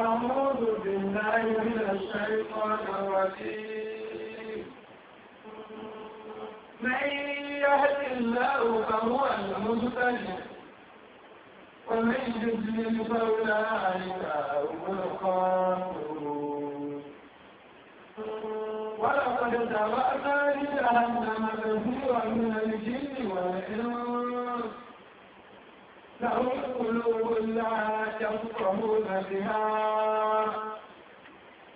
أعوذ بالله من الشيطان الرجيم من يهد الله فهو المهتدي ومن يضلل فأولئك هم الخاسرون ولقد تبعنا لجهنم كثيرا من الجن والإنس لهم قلوب الله يفقهون بها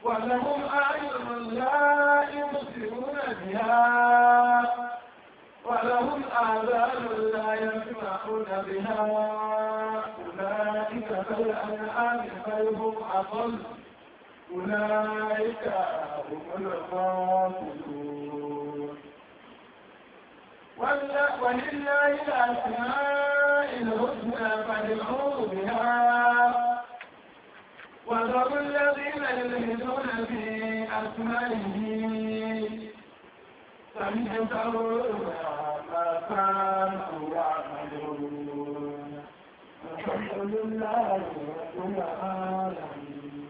ولهم أعين لا يبصرون بها ولهم آذان لا يسمعون بها أولئك بل أن هم أضل أولئك هم الغافلون ولله الأسماء الحسنى فادعوه بها وذروا الذين يلهدون في أسمائه سيجزون ما كانوا يعملون الحمد لله رب العالمين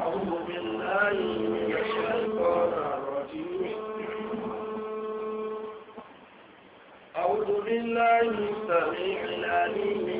أعوذ بالله من الشيطان الرجيم أعوذ بالله السميع العليم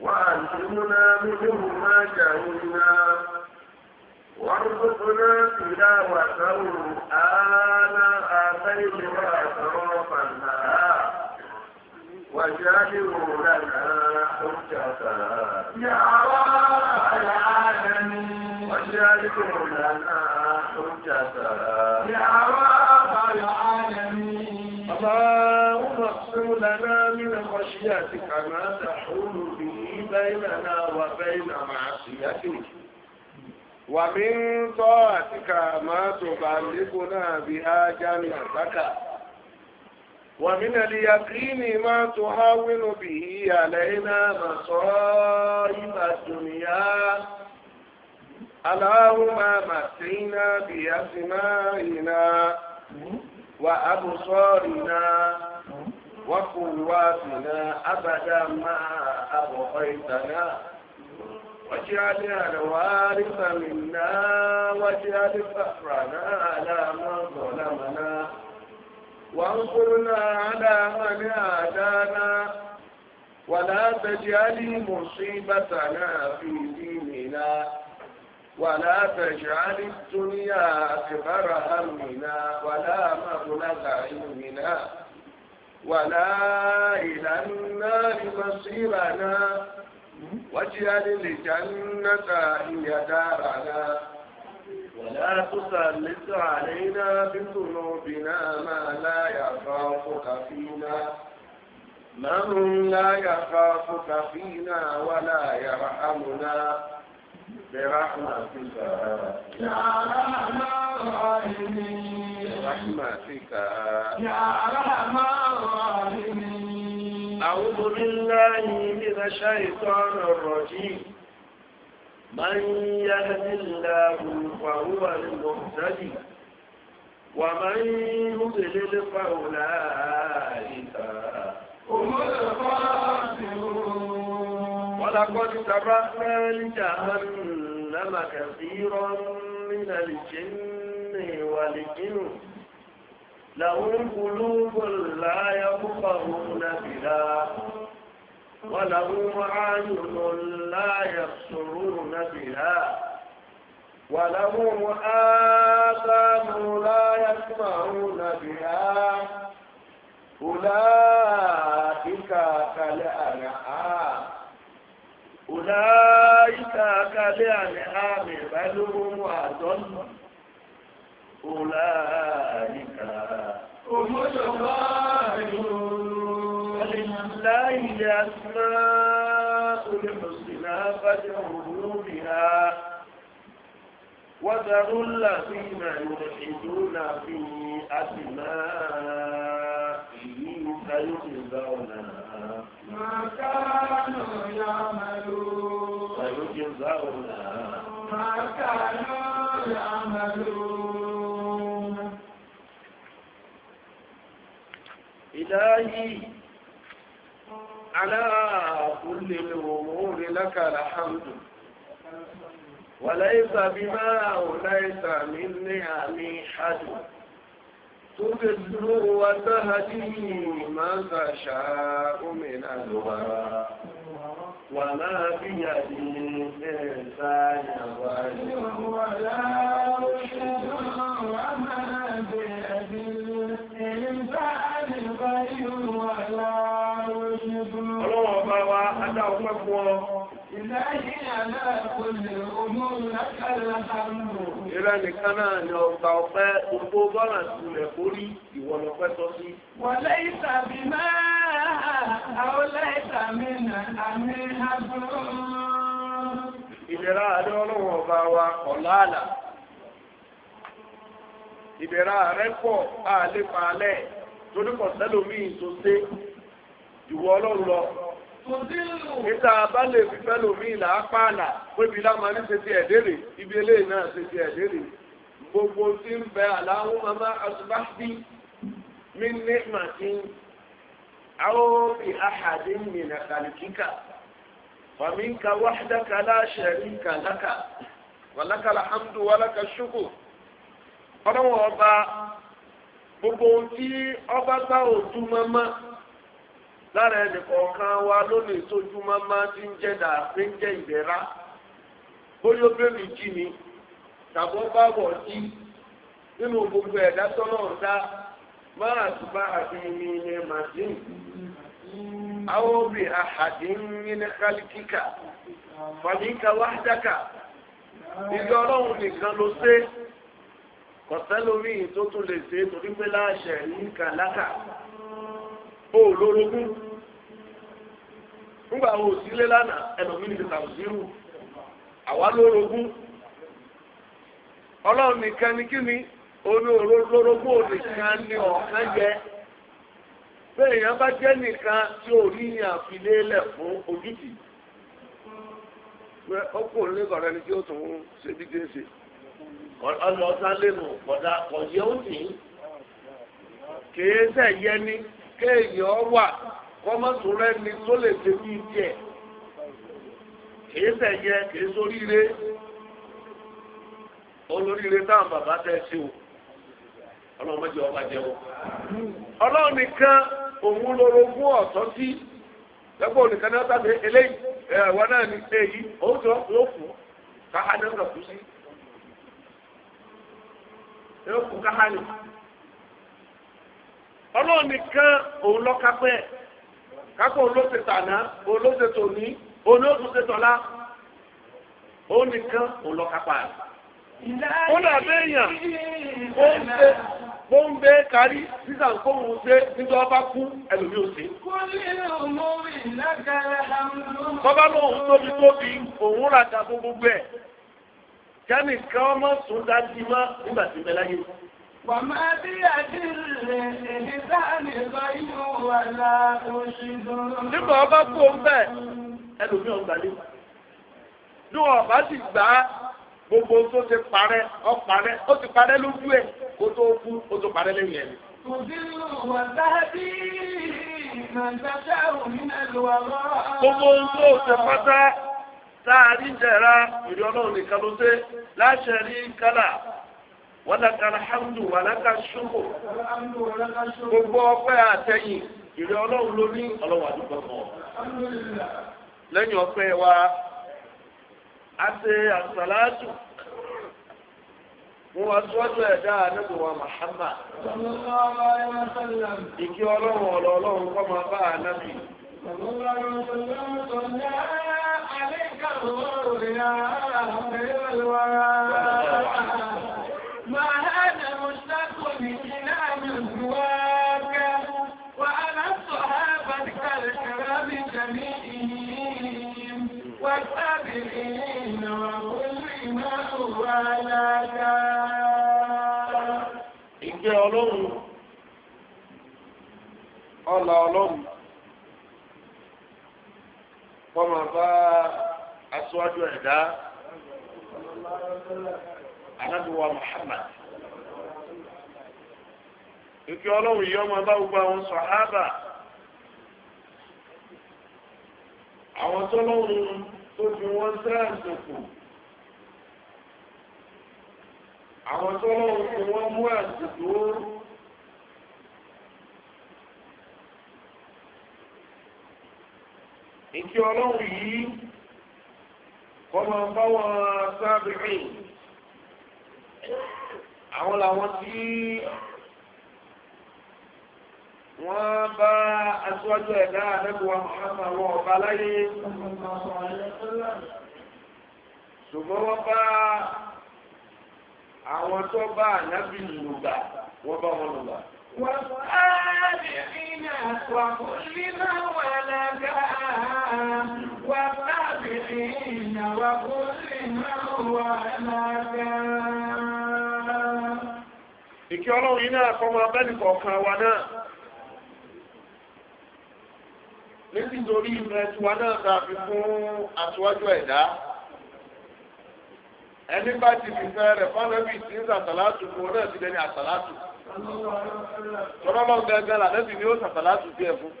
وألهمنا منهم ما جهلنا وارزقنا تلاوته آناء الليل وأطراف النهار واجعله لنا حجة يا رب العالمين واجعله لنا حجة يا رب المعصية كما تحول به بيننا وبين معصيتك ومن طاعتك ما تبلغنا بها جنتك ومن اليقين ما تهون به علينا مصائب الدنيا اللهم مسينا بأسمائنا وأبصارنا واسنا أبدا ما أبقيتنا واجعل الوارث منا واجعل فخرنا على من ظلمنا وانصرنا على من عادانا ولا تجعل مصيبتنا في ديننا ولا تجعل الدنيا أكبر همنا ولا مبلغ علمنا ولا إلى النار مصيرنا واجعل الجنة هي دارنا ولا تسلط علينا بذنوبنا ما لا يخافك فينا من لا يخافك فينا ولا يرحمنا برحمتك يا رحمن الرحيم برحمتك يا رحمن أعوذ بالله من الشيطان الرجيم من يهد الله فهو المهتدي ومن يضلل فأولئك هم الخاسرون ولقد تبعنا لجهنم كثيرا من الجن والجنود لهم قلوب لا يفقهون بها ولهم أعين لا يبصرون بها ولهم آذان لا يسمعون بها أولئك كالأنعام أولئك كالأنعام بل هم أضل أولئك هم الغالبون ولله الأسماء الحسنى فادعوه بها وذروا الذين يلحدون في أسمائه سيجزون ما كانوا يعملون سيجزون ما كانوا يعملون إلهي على كل الأمور لك الحمد وليس بما وليس من نعمي حد تضل وتهدي من تشاء من الورى وما بيد الإنسان ظلم ولا أشهد ọgbọ́n fún ọ. Ìrẹ́ nìkan náà ni ọgbà ọpẹ́ gbogbo bọ́lá ìpìlẹ̀ orí ìwọ̀n ọpẹ́ tọ́ sí. Wọ̀lẹ́ ìtàbí máa àwọlẹ́ ìtàmì náà àmì àbúrò. Ìdẹ̀ra àdé ọlọ́run ọba wa ọ̀la àlà. Ìdẹ̀ra rẹ̀ pọ̀ àlépa alẹ́ torí kọ̀sẹ́lómi tó ṣe ìwọ ọlọ́run lọ. níta bá lè fi fẹ́lò mí ìlà apáàlà pébi láwọn ní ṣètì ẹ̀dẹ́rẹ̀ ibi eléyìí náà ṣètì ẹ̀dẹ́rẹ̀ gbogbo tí ń bẹ asubáṣí mi ní màtí àwọn òbí àhàdé mìíràn kàlìkíkà fàmínkà ka láṣẹrí kàlákà wàlákà làhámdù wàlákà ọba gbogbo tí ọba gbá òtún mọ́mọ́. lára ẹnì kọ̀ọ̀kan wa lónìí tójú máma ti ń jẹ́ dà pé ń jẹ́ ìdẹ́ra bóyá obìnrin jí ni tàbọ̀ bá wọ̀ jí nínú gbogbo ẹ̀dá tọ́lọ̀ ọ̀dá máa tùbá àti mi ní màdín àwọn obì àhàdín nínú kálíkíkà ọlọ́run nìkan ló tó tún lè ó lórogún nígbà àwọn lánàá ẹlòmíì ti tàbùsírù àwa lórogún ọlọ́run nìkan ni kí ni oní lórogún nìkan ni ọ̀kan jẹ bẹ́ẹ̀ bá jẹ́ nìkan tí ò ní àfilélẹ̀ fún ojútì ó tún ṣe bí ṣe kọ̀dá kọ̀yẹ́ òsì ní. kéèyàn wà kọ́mọ́tò rẹ ni tó lè ṣe bí tiẹ̀ kìí sẹ̀yẹ kìí sóríire olóríire táwọn bàbá tẹ̀ ṣe o ọlọ́run mẹ́jọ ọba o ọlọ́run nìkan òun ọ̀tọ́ sí lẹ́gbọ́n nìkan náà sábẹ́ eléyìí ẹ̀wọ̀n náà ní èyí yóò fún kú sí yóò fún ọlọ́run nìkan òun lọ́kápẹ́ kápẹ́ òun ló ṣe tàná òun ló ṣe tòní òun ló tún ṣe tọ́lá òun nìkan òun lọ́kápá rẹ̀. ó dàbí èèyàn ó ń ṣe bó ń bẹ kárí sísà kó ń ṣe nígbà wọn bá kú ẹlòmíì ò ṣe. bọ́bá lóun tóbi tóbi òun ràjà gbogbo ẹ̀ jẹ́nìkan ọmọ sùn dájú mọ́ nígbà tí ń وما بيد الإنسان غير ولا أشد. nígbà ọba kú òun bẹ́ẹ̀ ẹlòmíì ọ̀gbà lé ní ọba sì gbà á gbogbo tó ti parẹ́ ó parẹ́ ó ti parẹ́ lójú ẹ̀ kó tó kú ó tó parẹ́ lẹ́yìn ẹ̀. gbogbo tó ṣe pátá tá a rí jẹ̀ra ìrìn ọlọ́run nìkan ló dé láṣẹ rí kálá. wàlàkà alhamdu wàlàkà ṣùkò gbogbo ọpẹ́ àtẹ̀yìn ìrẹ́ ọlọ́run ló ní ọlọ́wà dúpọ lẹ́yìn ọpẹ́ wa a ṣe àṣàlátù mo wá síwájú ẹ̀dá àdébò Muhammad. ìkí ọlọ́run ọ̀lọ́ ọlọ́run kọ́ máa bá ànábì. Àlékà ló rò Ike Ìjẹ́ ọlọ́run ọlà ọlọ́run kọ́mà bá aṣáájú ẹ̀dá anábìwá Muhammad. Ìjẹ́ ọlọ́run yìí ọmọ bá gbogbo àwọn sàhábà. Àwọn tọ́lọ́run tó fi wọ́n àwọn tó lọ́wọ́ tí wọ́n mú àṣìkò ìkí ọlọ́run yìí kọmọ báwọn sábìrì àwọn làwọn tí wọ́n bá aṣíwájú ẹ̀dá àdẹ́gbọ́wà mọ̀hánmà wọn ọba láyé ṣùgbọ́n wọ́n bá àwọn tó bá ànábì lùgbà wọ́n bá wọn lùgbà. wọ́n á lè rí náà wà kó lè má wà lága. ìkí ọlọ́run yìí náà kọ́ máa bẹ́ẹ̀ wa náà nítorí ìrẹsì wa náà tàbí fún aṣíwájú ẹ̀dá. ẹni bá ti fi fẹ́ rẹ̀ fọ́nrẹ́bì tí ń sàtàlátù fún ọ náà ti dẹni àtàlátù tọ́lọ́lọ́ gẹ́gẹ́ là ni ó sàtàlátù díẹ̀ fún.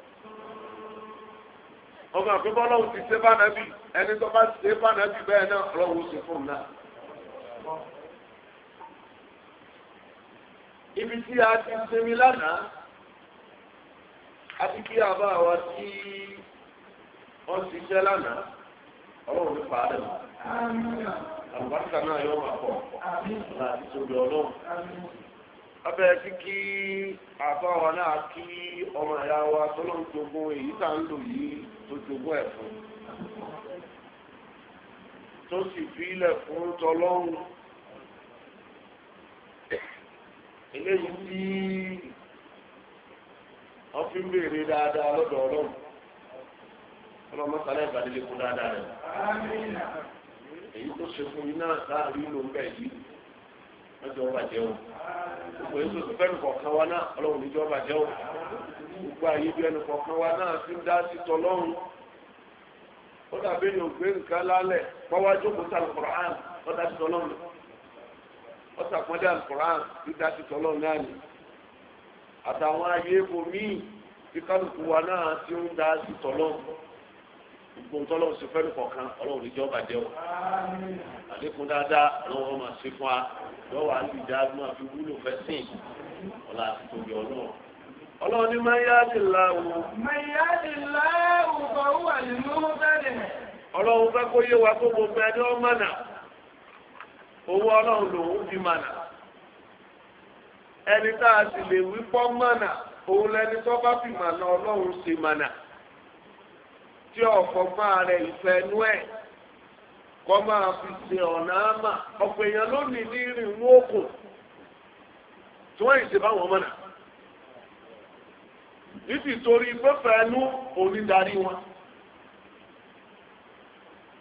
ọmọ àfi ti ṣe ẹni tó bá ṣe bẹ́ẹ̀ náà fún náà. ibi tí a ti sinmi lánàá a ti kí àbá wa tí ti lánàá ọlọ́run mọ́. àlùbáṣà náà yóò máa pọ̀ láti tóbi ọlọ́run. abẹ́ kíkí àfa wa náà kí ọmọ ẹ̀yà wa tọ́lọ́ ń jogún èyí tá ń lò yìí tó jogún ẹ̀ fún. tó sì fi ilẹ̀ fún tọlọ́run. eléyìí tí wọ́n fi ń béèrè dáadáa lọ́dọ̀ ọlọ́run. ọlọ́run mọ́sálẹ̀ ìbàdí lè kó dáadáa rẹ̀ èyí tó ṣe fún yín náà láàrin ló ń bẹ̀ yìí wọ́n jọ bàjẹ́ o gbogbo èyí tó ti fẹ́nu kọ̀ọ̀kan wa náà ọlọ́run níjọ́ bàjẹ́ o gbogbo àyè bí ẹnu kọ̀ọ̀kan wa náà ti ń dá sí tọ́lọ́run ó dàbí ní ògbé nǹkan lálẹ̀ pọ́wájú kò sàlù kọ̀ọ̀án ó dá sí tọ́lọ́run ó sàpọ́ndé àlùkọ̀ọ̀án ti dá sí tọ́lọ́run náà ni àtàwọn ayé ibòmíì tí wa náà ti ń dá sí tọ́lọ́run. gbogbo ntọ́lọ́ sí fẹ́ẹ́ kan ọlọ́run níjọ́ bàjẹ́ o àlékún dáadáa ọlọ́run máa ṣe fún wa fi wúlò fẹ́ sìn ọ̀la tóbi ọlọ́run. ọlọ́run ní máa ń yáàdì láàwù. máa ń yáàdì láàwù kọ́ wà nínú kó yé wa kó gbogbo ẹni owó lòún fi ẹni tá a sì fi tí ọ̀fọ̀fọ́n rẹ̀ ìfẹ́nú ẹ̀ kọ máa fi ṣe ọ̀nà àmà ọ̀pọ̀ èèyàn lónìí ní ìrìnnú òkun tí wọ́n ìṣe báwọn ọmọ náà torí onídarí wọn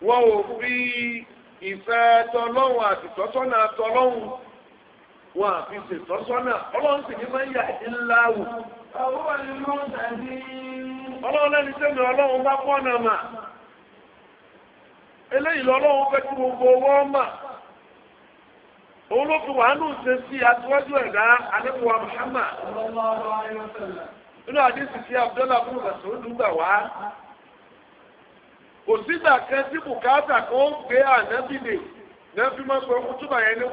wọn ò fi àti wọn àfi sì ní máa wò. àwọn ìlú ọlọ́run lẹ́ni tẹ́mi ọlọ́run bá pọ́n náà mà eléyìí lọ́lọ́run fẹ́ kí gbogbo owó mà òun ló fi wàánù ṣe sí ẹ̀dá fún ìgbàsó wá kò sígbà kan tí bùkátà kan ó gbé ànábìlè máa yẹn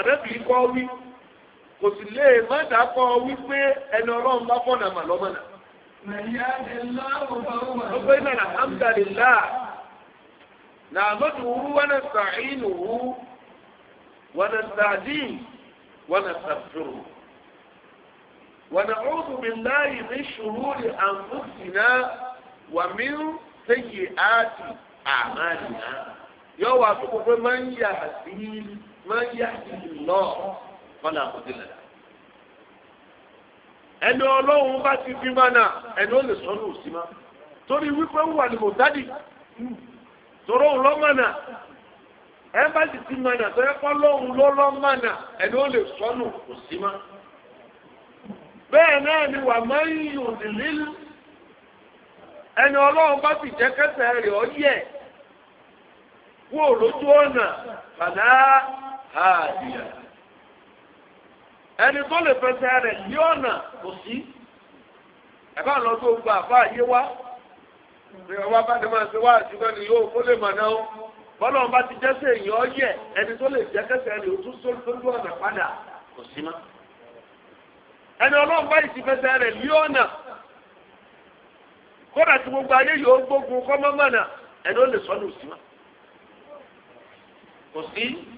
ní tó kò sì lè má dàpọ̀ wípé ẹni ọlọ́run bá fọ̀nà mà lọ́mọ́nà. Gbogbo iná na hamdalilá na amadu wuru wana sàcínu wuru wana sàdín wana sàfúrù wana ọdún bìláyì ní ṣùrùrì àǹfùsìnà wàmí sẹ́yìn áàtì àmàlìyà yọ wà fún gbogbo máa ń yà sí máa ń yà sí lọ́ọ̀ kọ́lá àkọsí lẹ̀. ẹni ọlọ́run bá ti fi máa nà ẹni ó lè sọ ní òsì má torí wípé wà ní mọ̀tádì tòró òun lọ́mọ nà ẹ bá ti ti máa nà tọ́jú pé ọlọ́run ló lọ́mọ nà ẹni ó lè sọ ní òsì má. bẹ́ẹ̀ náà ni wà máa ń yùn nílí ẹni ọlọ́run bá ti jẹ́ kẹsẹ̀ rẹ̀ ọ́ yẹ kú òlójú ọ̀nà fàdá àdìyà ẹni tó lè fẹsẹ̀ rẹ̀ yí ọ̀nà kò sí ẹ̀bá lọ tó gba àbá ayé wá ní ọba bá ti máa ṣe wá àṣìgbọ́n ni yóò kó lè mọ̀ náà bọ́lá ọba ti jẹ́sẹ̀ èèyàn ọ̀yẹ̀ ẹni tó lè jẹ́ kẹsẹ̀ rẹ̀ ó tún sójú ọ̀nà padà kò sí mọ́ ẹni ọlọ́run bá ìsìfẹsẹ̀ rẹ̀ lé ọ̀nà kódà tí gbogbo ayé yóò gbógun kọ́mọ́mọ́nà ẹni ó lè sọ́nù sí mọ́ kò sí.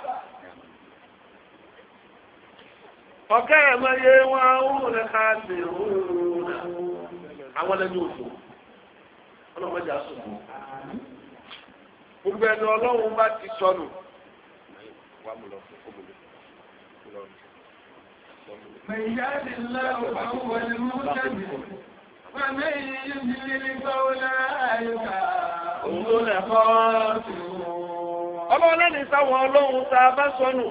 ọ̀gá ẹ̀ máa yẹ wọn òun lè ká sí òun àwọn lẹ́nu òfò ọlọ́mọdé àsopọ̀ gbogbo ẹni ọlọ́run bá ti sọnù. Mẹ̀yáde lọ́wọ́ àwọn olùmọ̀tẹ́bí. Fẹ́mi yìí ń bí nípa ọ̀la àyùká. Òun ló lẹ̀ fọ́. Ọlọ́run lẹ́nu sáwọn ọlọ́run tá a bá sọnù.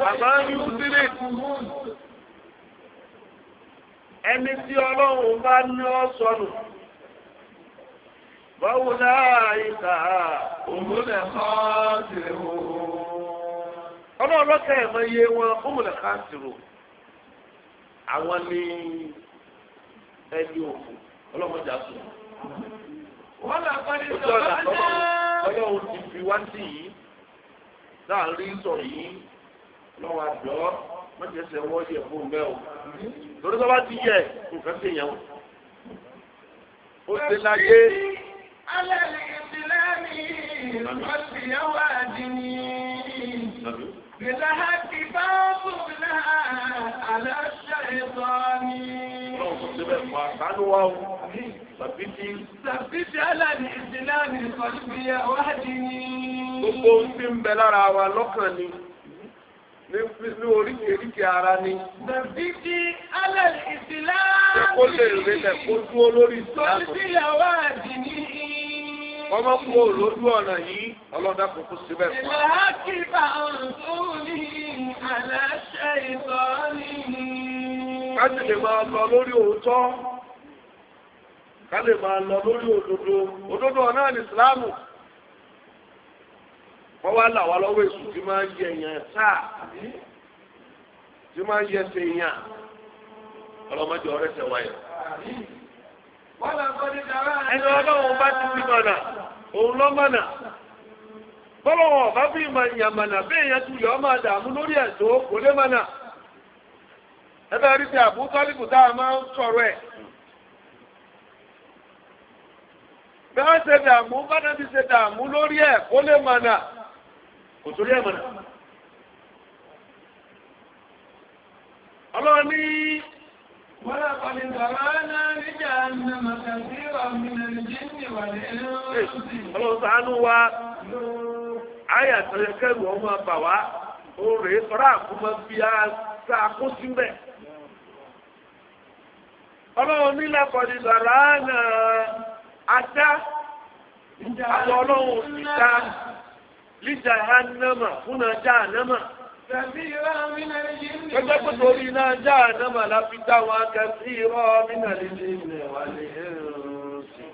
Bàbá yóò sílẹ̀. Ẹni tí ọlọ́run bá ní ọ sọnù. Báwo láàyíká òmùlẹ̀ káàtìrò? Ọlọ́run lọ́kẹ́ ẹ̀mọ iye wọn òmùlẹ̀ káàtìrò. Àwọn ni ẹni òkú ọlọ́mọdé àtúntò. Wọ́n làkọ́ni sọ̀rọ̀ náà. Ọlọ́run ti fi wá sí yìí láàrin sọ̀rọ̀ yìí lọ́wọ́ àjọ mọ̀tẹ́sẹ̀ wọ́n yẹ fún un bẹ́ẹ̀ o lórí tó bá ti yẹ nǹkan ti yẹn o. ó ti láyé. alẹ́ lè ti lẹ́ni lọ́sì yẹ́wà dìní. Bìláhà ti bá bùnà aláṣẹ ìtọ́ni. Ọlọ́run kò sí wa o. Sàbíbi. Sàbíbi alẹ́ lè ti lẹ́ni lọ́sì yẹ́wà dìní. Gbogbo ohun tí ń bẹ lára wa lọ́kàn ni ní oríkèéríkèé ara ni. Nàbíkí alẹ́ ìsìláàmù. Kó lè rẹlẹ̀ kó dúró lórí ìsìláàmù. Kó sí ìyàwó àdìní. Ọmọ kú olójú ọ̀nà yìí, ọlọ́dà kò kú síbẹ̀. Ìlà kíkà òǹtúni àlàṣẹ ìtọ́ni. Ká sì lè máa lọ lórí òótọ́. Ká lè máa lọ lórí òdodo. Òdodo náà ni wọ́n wá là wá lọ́wọ́ èṣù tí máa ń yẹ èèyàn sáà tí máa ń yẹ ṣe èèyàn ọlọ́mọdé ọ̀rẹ́ ṣẹ̀ wáyà. ẹni ọlọ́run bá ti fi mọ̀nà òun lọ́mọ̀nà bọ́lọ́wọ́ ọ̀bá fi ìyàmọ̀nà bẹ́ẹ̀ yẹn tún yọ ọmọ àdààmú lórí ẹ̀sọ́ kò lè mọ̀nà. ẹ bá rí ti àbú tọ́lìkù tá a máa ń sọ̀rọ̀ ẹ̀. bẹ́ẹ̀ ṣe dààmú bá náà ṣe dààmú lórí ẹ̀ kó lè mọ̀nà. kò torí ẹ̀ mọ̀nà. ọlọ́run ní. wọ́n á kọ́ni bàbá náà níjà ní màkàtí ọ̀gbìn ẹ̀jẹ̀ wà ní ẹ̀rọ. ọlọ́run ṣàánú wa ayé àtẹ̀yẹ kẹ́rù ọmọ bà wá ó rèé sọ́ra àkúmọ́ bí a sá kó síbẹ̀. ọlọ́run ní lákọ̀ọ́ni bàbá náà ajá àti ọlọ́run ìta. لجهنم هنا جهنم Gẹ́gẹ́ pé torí iná já ànámà la fi dá wọn akẹ́sí irọ́ nínà lílé ilẹ̀ wà ní ẹ̀rọ̀sì.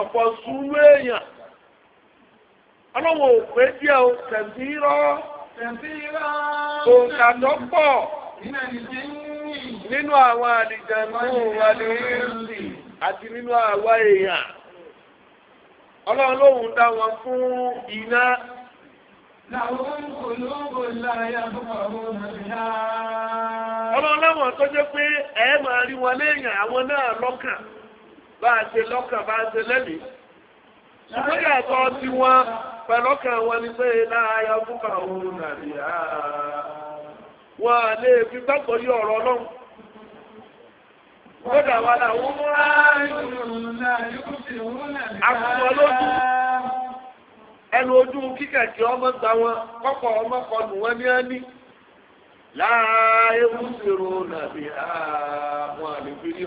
Ọ̀pọ̀ sùúrù èèyàn. Ọlọ́wọ̀n ò pé díẹ̀ o, kẹ̀sí irọ́. Kẹ̀sí irọ́. Òǹkà tó pọ̀. Nínà lílé nínú àwọn àlìjẹ̀mú wà ní ẹ̀rọ̀sì àti nínú àwa èèyàn ọlọ́run lóhùn dá wọn fún iná. làwọn olóńgbò láyà fún àwọn ọmọdéyà. ọlọ́run láwọn tó jẹ́ pé ẹ máa rí wọn léèyàn àwọn náà lọ́kàn bá a ṣe lọ́kàn bá a ṣe lẹ́mìí. ṣùgbọ́n yàtọ̀ tiwọn pẹ̀lú ọkàn wọn ni pé láyà fún àwọn ọmọdéyà. wọn lè fi gbàgbọ́ yí ọ̀rọ̀ ọlọ́run. Kódà wà láwọn mú Ẹnu ojú kíkàkì ọmọ gba wọn, kọ́kọ́ ọmọ kọlù wọn ní á Láàáyé mú nàbí àwọn àlejò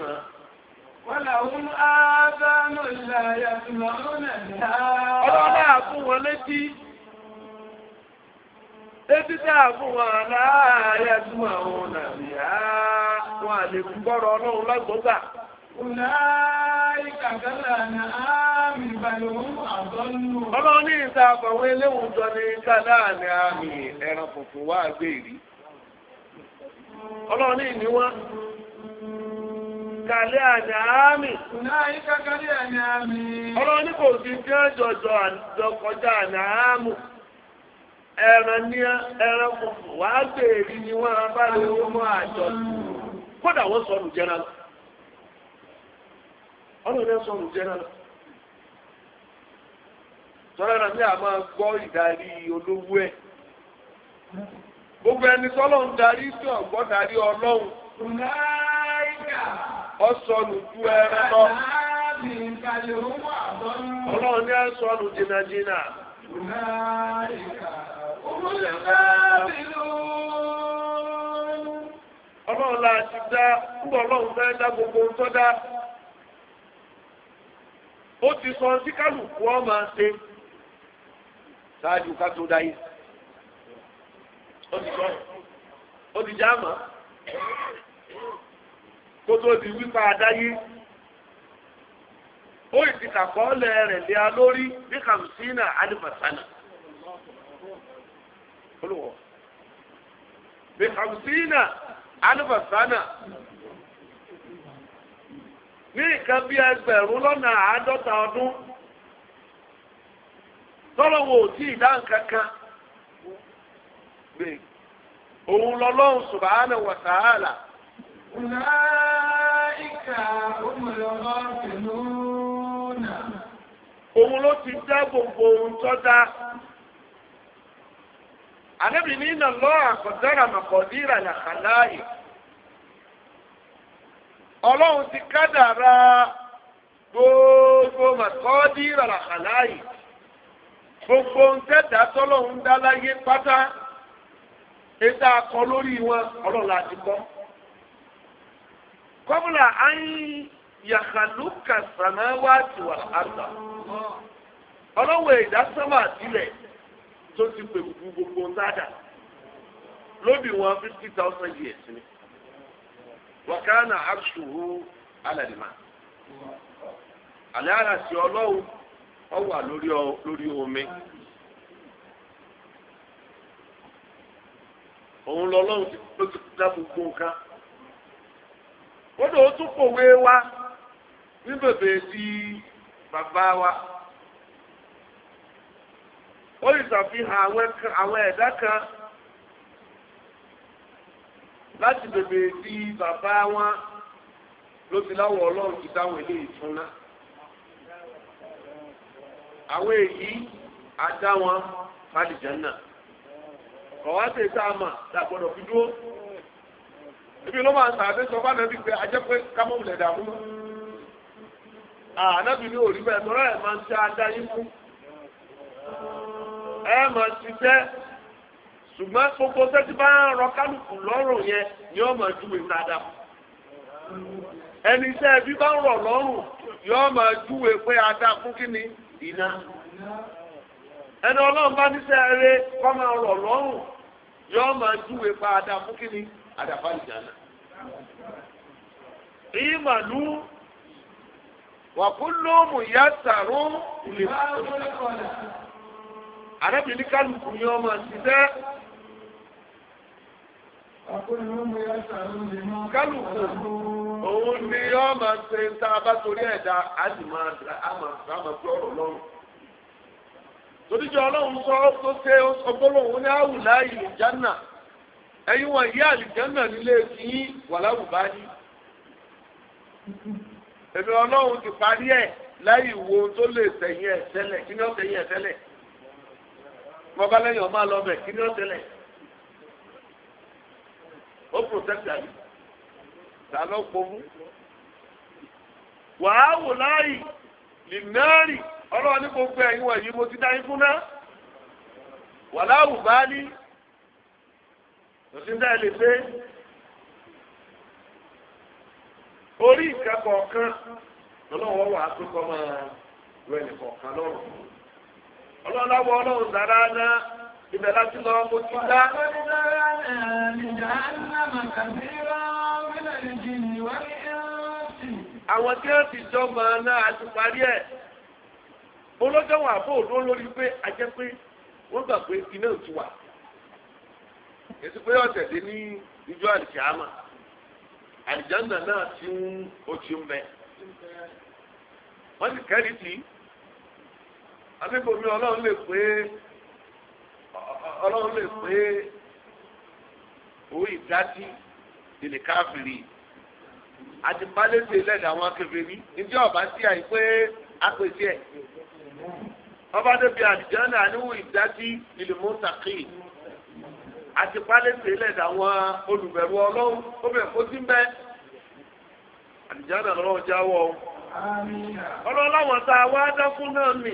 wọn. Ọlọ́lá fún wọn létí. Létí fún wọn wọn a bọ́rọ̀ ọlọ́run lọ́gbọ́gbà. Ọlọ́run ní ìta àbọ̀wé jọ ní ká láàrin àmì ẹran funfun wá gbé Ọlọ́run ní ìní kàlẹ́ àmì àmì. Ọlọ́run ní kò sí jọjọ àmì àmì ẹran ní ẹran wá gbé ni wọ́n bá kódà wọ́n sọ ọ̀nù jẹ́ra lọ ọlọ́run sọ ọ̀nù jẹ́ra tọ́lá náà a gbọ́ ìdarí olówó ẹ̀ gbogbo ẹni tọ́lọ́ ń darí tí ọ̀gbọ́n darí ọlọ́run ọ̀sọ̀nù ju ọlọ́run ọlọ́run la ti dá púpọ̀ ọlọ́run fẹ́ dá gbogbo ohun tó dá ó ti sọ sí kálukú ọ máa ṣe ṣáájú ká tó dáyé ó ti sọ ó ti já mọ́ kó tó di wípa adáyé ó ti kàkọ́ọ́lẹ̀ rẹ̀ lé a lórí ní kàmsínà alifasana olùwọ̀ bí kàmsínà. alùpàsánà ní nǹkan bí ẹgbẹ̀rún lọ́nà àádọ́ta ọdún tọ́lọ̀ tí ìdá nǹkankan gbé òun lọ́lọ́run subahana wa ta'ala. Òun ló ti dá gbogbo ohun tó dáa. ànábì ní iná lọ́ àkọ́dára màkọ́díra làkàláyè ọlọ́run ti kádàrá gbogbo màkọ́díra làkàláyè gbogbo ń tẹ́tà tọ́lọ́run dá láyé pátá ètò akọ lórí wọn ọlọ́run láti kọ́ kọ́mùlà àyìn yàkàlùkà sàmáwá tiwà àgbà ọlọ́wọ̀ ìdásọ́mà sílẹ̀. tó ti pè fún gbogbo ntàdà lóbi wọn fifty thousand years ni wakana asuhu alalima alẹ́ àràsì ọlọ́wọ́ ọ wà lórí omi. òun lọ́lọ́run ló ti dá gbogbo nǹkan. ó lóun tún kòwé wa ní bèbè sí bàbá wa ó lè ṣàfihàn àwọn ẹ̀dá kan láti bèbè bí bàbá wọn ló ti láwọ ọlọ́run ti dáhùn ilé ìtúná àwọn èyí ajá wọn fàlìjánà kọ̀wá ṣe tá a mà dàgbọ́dọ̀ fi dúró ibi ló máa ń sàdé sọ fún ànábì pé ajẹ́ pé kámọ́ wulẹ̀ dààmú ànábì ní òrí bẹ́ẹ̀ tọ́lá ẹ̀ máa ń ṣe ajá yín fún ẹ mọ̀ ṣiṣẹ́ ṣùgbọ́n gbogbo sẹ́tí bá ń rọ kálukú lọ́rùn yẹn ni ó mọ̀ ju ìsàdà ẹni iṣẹ́ ẹbí bá ń rọ̀ lọ́rùn yóò mọ̀ ju èpè àdá fún kínní ìná ẹni ọlọ́run bá níṣẹ́ eré kọ́ máa rọ̀ lọ́rùn yóò máa júwe pa àdá fún kínní àdàfà Èyí màlú wà kún lóòmù àrẹ́bì ní kálùkù ni ọmọ ṣiṣẹ́ kálùkù òun ni ọmọ ṣe ń ta bá torí ẹ̀dá a sì máa gbọ́ ọ̀rọ̀ lọ́rùn toríjọ ọlọ́run sọ tó ṣe ọgbọ́lọ́hún ní àwùlá ìlú jánà ẹ̀yin wọn yí àlìjánà nílé kí wàláwù bá yí èmi ọlọ́run ti parí ẹ̀ láì tó lè tẹ̀yìn ẹ̀ tẹ́lẹ̀ kí ni ó tẹ̀yìn ẹ̀ tẹ́lẹ̀ bọ́bá lẹ́yìn ọmọ àlọ́ bẹ̀ kí ni ó tẹ̀lẹ̀ ó protect àyè ta ló kó mú wàá wò láàyè lìnàárì ọlọ́wọ́ ní gbogbo ẹ̀yin wọ̀nyí mo ti dá yín fún náà wàlá àwùbá ní òsín dá lè pé orí ìka kọ̀ọ̀kan lọ́wọ́ wà á tó kọ́ máa lu ẹnì kọ̀ọ̀kan lọ́rùn. ọlọ́láwọ́ ọlọ́run dára ná ibẹ̀ láti lọ mo ti dá. àwọn tí wọ́n ti jọ mọ̀ náà àti parí ẹ̀ olójó wọn àbó òdó lórí pé ajẹ́ pé wọ́n gbà iná òtún wà èsì pé ọ̀sẹ̀ dé ní ijó náà ti ń wọ́n ti kẹ́rì tì í. àbíbomi ọlọ́run lè pé ọlọ́run lè pé owó ìdásí ìlè káfìrí àti pálẹ́sì lẹ́dàá àwọn akébèrè níjẹ́ ọ̀bá sí àìpé apèsè ẹ̀ ọba débi àdìjọ́ náà níwò ìdásí ìlè mọ́tàkì àti pálẹ́sì lẹ́dàá àwọn olùbẹ̀rù ọlọ́run ó bẹ̀ kó sí mbẹ́ àdìjọ́ náà lọ́wọ́ jáwọ́ ọlọ́láwọ̀n tá a wá dákú náà nì.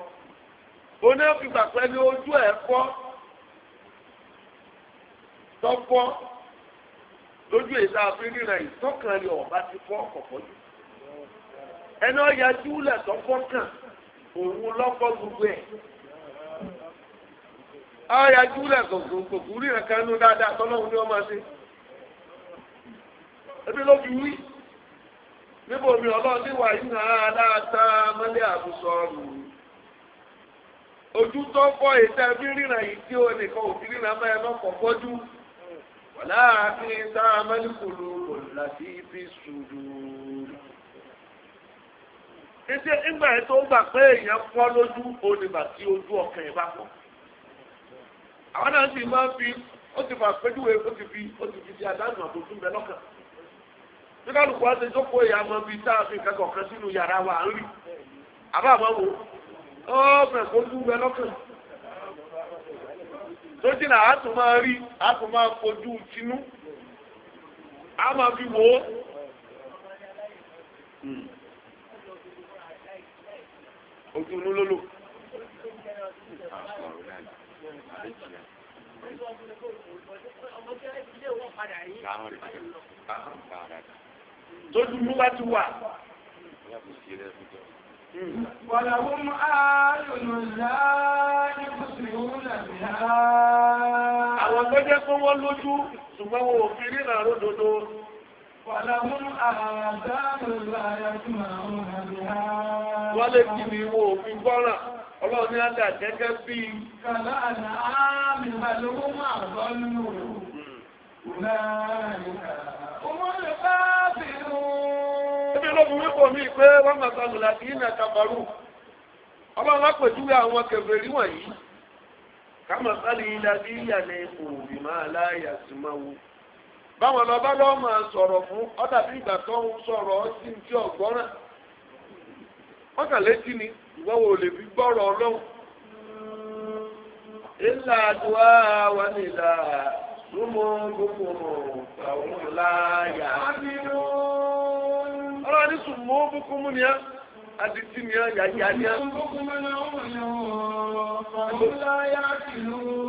onífìgbà pẹ̀lú ojú ẹ̀ fọ́ tọ́fọ́ lójú èyí tá a fi ríran yìí tọ́kàn rẹ̀ ọ̀bá ti fọ́ ọ̀pọ̀ jù ẹni ọ̀yà júlẹ̀ tọ́fọ́ kàn òun lọ́fọ́ gbogbo ẹ̀ ọ̀yà júlẹ̀ kòkòrò ríran kan nú dáadáa tọ́lọ́hún ni wọ́n máa ṣe ebi ló fi wí níbo mi ọlọ́ọ̀dẹ́wà yìí nà á dáadáa mọ́lẹ́ àbúsọ̀rù. ojú tó bọ́ ìta bí ríran yìí tí ó nìkan òfin ríran máa lọ́kọ̀ fọ́jú wàlá àfin tá a máa ń kúrò kò láti fi sùúrù. yẹn tó gbà pé èèyàn fọ́ lójú onígbà tí ojú ọkàn yẹn bá fọ́. àwọn náà sì máa ń fi ó ti fà péjúwe ó ti fi ó ti fi ṣe àdánù àbójú bẹ lọ́kàn. bí ṣe jókòó ìyá a ọ̀fẹ́ kó lú bẹ lọ́kàn. lójú náà a tún máa rí a tún máa fojú tinú a máa fi wò ó. Hmm. ojú inú ولهم آيون لا يبصرون بها àwọn tó jẹ́ pé wọ́n lójú ṣùgbọ́n wọn ò fi ríran ródòdó ولهم آذان لا يسمعون بها wọ́n ni wọn ò fi gbọ́ràn ọlọ́run ní àdá gẹ́gẹ́ bí i. máa bọ́ nínú hmm. lóbi wípò ikpe pé wọ́n máa sọ lùlá sí na kàbàrù ọlọ́run lápèjúwe àwọn kèfèrí wọ̀nyí kàmá sálì ilá sí ìyàlẹ̀ òbí máa láyà sí máa ma báwọn lọ bá máa sọ̀rọ̀ fún bí ìgbà tó ń sọ̀rọ̀ sí ti wọ́n kà létí ni ìwọ́ wo lè fi ọlọ́run ní sùn mọ́ búkú mú ni á àti tí ni á yàyà ni á.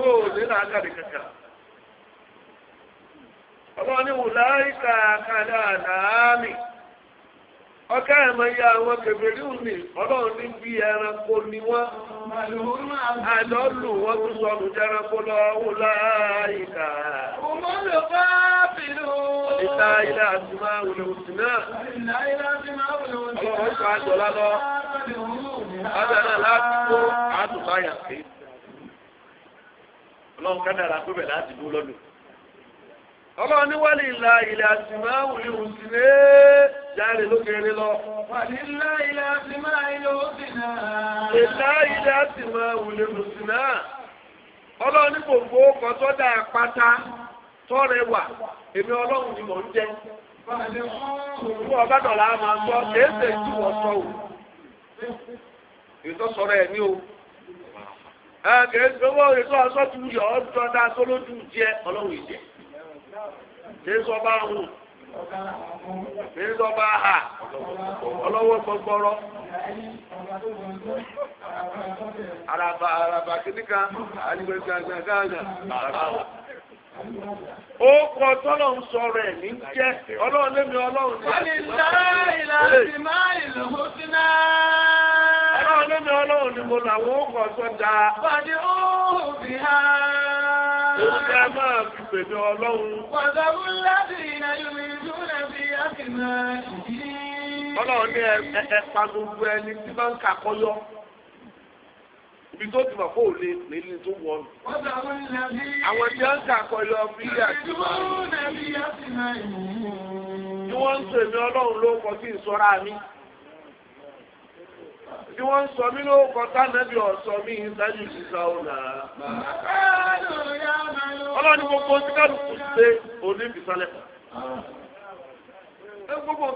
ó lè ra akáde kàkà. ọlọ́run ní wùláyìí kàkà dáadáa mi. ọkà ẹ̀mọ ya àwọn kẹfẹ́rí òní ọlọ́run ní bí ẹranko ni wọ́n àlọ́ lù wọ́n tún sọ ọ̀nù jẹranko lọ ọ̀hún láìka. òmùlò bá bìrù. ìta ilé àti máa náà. ìta ilé àti máa náà. ọlọ́run láti kó àtúntà yàtí. ọlọ́run ní wálé ìlà ilẹ̀ àtìmá òní òsì ní jáde lókèrè lọ. wàlí ńlá ilẹ̀ àtìmá ilẹ̀ òsì náà. ìlà ní gbogbo ọkọ̀ tó dá wà èmi ọlọ́run ni mò ń jẹ́. fún dọ̀là a máa gbọ́ kéèsè tí wọ́n sọ o. ètò sọ̀rọ̀ ẹ̀ o. ètò ọ̀sọ́ ọ́ dọ́dá kì ahụ sọba ahùn kì gbọgbọrọ araba araba araba ó kọ tọ́lọ̀ ń sọ̀rọ̀ ẹ̀ ní jẹ́ ọlọ́run lémi ọlọ́run ní ọlọ́run lémi ọlọ́run ni mo làwọn ó kọ Èwo ni ẹ máa fi pèdè ọlọ́run? Wàzàbù láti ìnà ìrìn ìlú rẹ̀ fi àfihàn ìdí. Ọlọ́run ní ẹ pa gbogbo ẹni tí bá ń kàkọ́yọ́ ibi tó ti mọ̀ kó o lè pè tó wọ̀ ọ́. àwọn tí wọ́n ń kà kọlọ bíi àtìmọ́. tí wọ́n ń sèmi ọlọ́run ló kọ sí ìsọ́ra mi. tí wọ́n ń sọ mí ló kọ tánàbí ọ̀sọ́ mi ìsájú sísá ọ̀nà. ọlọ́ni gbogbo tí kálukú ṣe òní ìfisálẹ̀ kan. gbogbo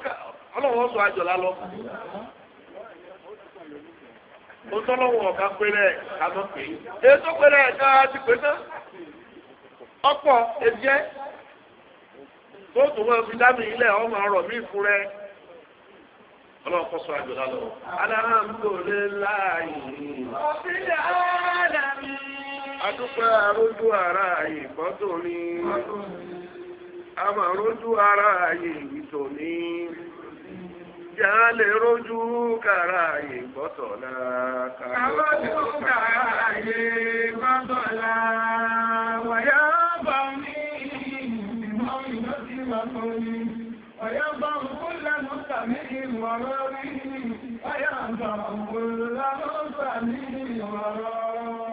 ọlọ́wọ́ sọ àjọlá lọ. mo tọ́lọ́wọ́ ọ̀gá péré àmọ́ pé ètò péré ẹ̀ka ti pé tán. ọ̀pọ̀ èjẹ́ tó tún wọn fi dá mi ilẹ̀ ọlọ́run kọ́ sọ àjò lálọ́. Ah. alhamdulilayi. ọ̀sídà àdàmì. adúpẹ́ arójú ara yìí fọ́tòrí. àmọ̀ arójú ara yìí tòní. Jálè rojú kàrà yìí gbọ́tọ̀ náà. Àbájú kàrà yìí gbọ́tọ̀ náà. سميهم وراءهم أيا أنت أقول لهم سميهم وراءهم